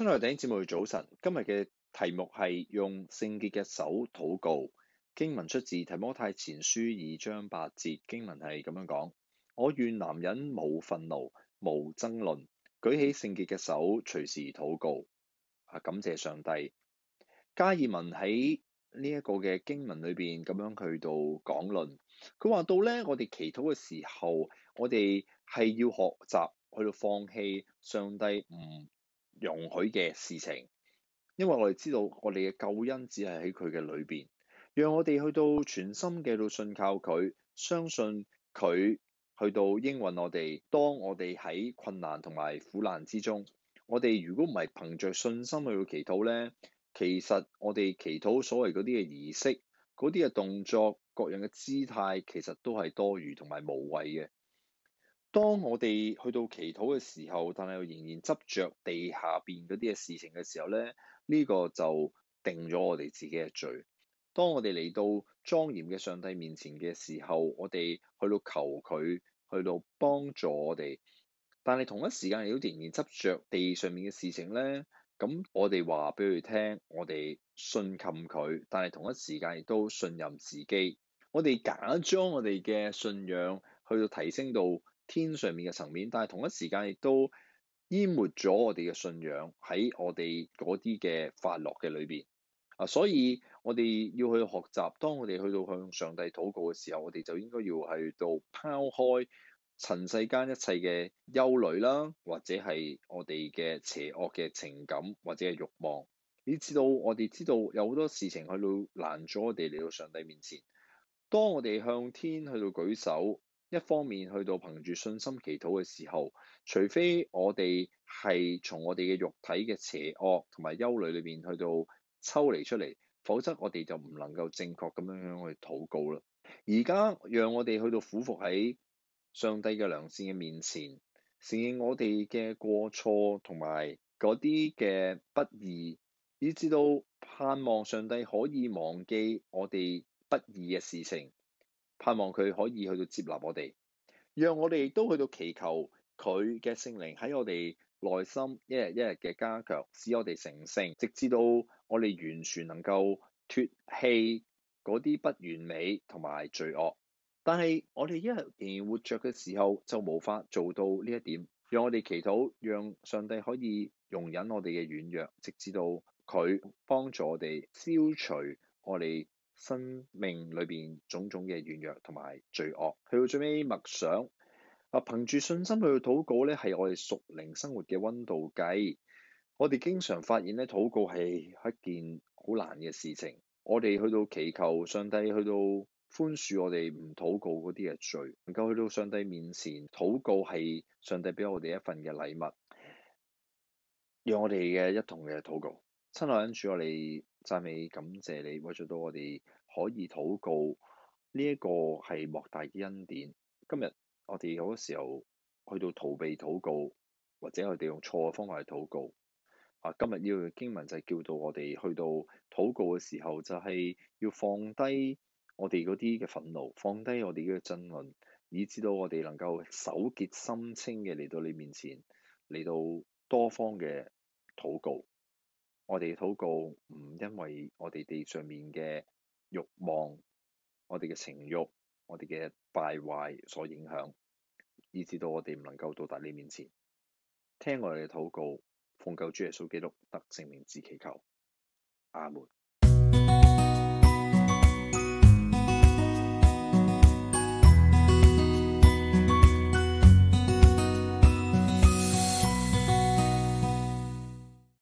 親愛嘅弟兄姊妹早晨，今日嘅題目係用聖潔嘅手禱告。經文出自提摩太前書二章八節，經文係咁樣講：我願男人冇憤怒、冇爭論，舉起聖潔嘅手，隨時禱告。啊，感謝上帝。加爾文喺呢一個嘅經文裏邊咁樣去到講論，佢話到咧，我哋祈禱嘅時候，我哋係要學習去到放棄上帝唔。嗯容許嘅事情，因為我哋知道我哋嘅救恩只係喺佢嘅裏邊，讓我哋去到全心嘅去信靠佢，相信佢去到應允我哋。當我哋喺困難同埋苦難之中，我哋如果唔係憑着信心去到祈禱呢，其實我哋祈禱所謂嗰啲嘅儀式，嗰啲嘅動作，各樣嘅姿態，其實都係多餘同埋無謂嘅。當我哋去到祈禱嘅時候，但係又仍然執着地下邊嗰啲嘅事情嘅時候咧，呢呢個就定咗我哋自己嘅罪。當我哋嚟到莊嚴嘅上帝面前嘅時候，我哋去到求佢去到幫助我哋，但係同一時間亦都仍然執着地上面嘅事情咧。咁我哋話俾佢聽，我哋信任佢，但係同一時間亦都信任自己。我哋假裝我哋嘅信仰去到提升到。天上面嘅層面，但係同一時間亦都淹沒咗我哋嘅信仰喺我哋嗰啲嘅快樂嘅裏邊。啊，所以我哋要去學習，當我哋去到向上帝禱告嘅時候，我哋就應該要去到拋開塵世間一切嘅憂慮啦，或者係我哋嘅邪惡嘅情感或者係慾望。你知道我哋知道有好多事情去到攔咗我哋嚟到上帝面前。當我哋向天去到舉手。一方面去到憑住信心祈禱嘅時候，除非我哋係從我哋嘅肉體嘅邪惡同埋憂慮裏面去到抽離出嚟，否則我哋就唔能夠正確咁樣樣去禱告啦。而家讓我哋去到俯伏喺上帝嘅良善嘅面前，承認我哋嘅過錯同埋嗰啲嘅不義，以至到盼望上帝可以忘記我哋不義嘅事情。盼望佢可以去到接納我哋，讓我哋都去到祈求佢嘅聖靈喺我哋內心一日一日嘅加強，使我哋成聖，直至到我哋完全能夠脫棄嗰啲不完美同埋罪惡。但係我哋一日仍然活着嘅時候，就無法做到呢一點。讓我哋祈禱讓上帝可以容忍我哋嘅軟弱，直至到佢幫助我哋消除我哋。生命裏邊種種嘅軟弱同埋罪惡，去到最尾默想，啊，憑住信心去禱告咧，係我哋屬靈生活嘅溫度計。我哋經常發現咧，禱告係一件好難嘅事情。我哋去到祈求上帝，去到寬恕我哋唔禱告嗰啲嘅罪，能夠去到上帝面前禱告，係上帝俾我哋一份嘅禮物，讓我哋嘅一同嘅禱告。親愛嘅主，我哋讚美感謝你，為咗到我哋可以禱告，呢一個係莫大嘅恩典。今日我哋好多時候去到逃避禱告，或者我哋用錯嘅方法去禱告。啊，今日呢段經文就係叫到我哋去到禱告嘅時候，就係要放低我哋嗰啲嘅憤怒，放低我哋嘅爭論，以至到我哋能夠手潔心清嘅嚟到你面前，嚟到多方嘅禱告。我哋嘅禱告唔因為我哋地上面嘅欲望，我哋嘅情欲、我哋嘅敗壞所影響，以至到我哋唔能夠到達你面前。聽我哋嘅禱告，奉救主耶穌基督得聖名自祈求。阿門。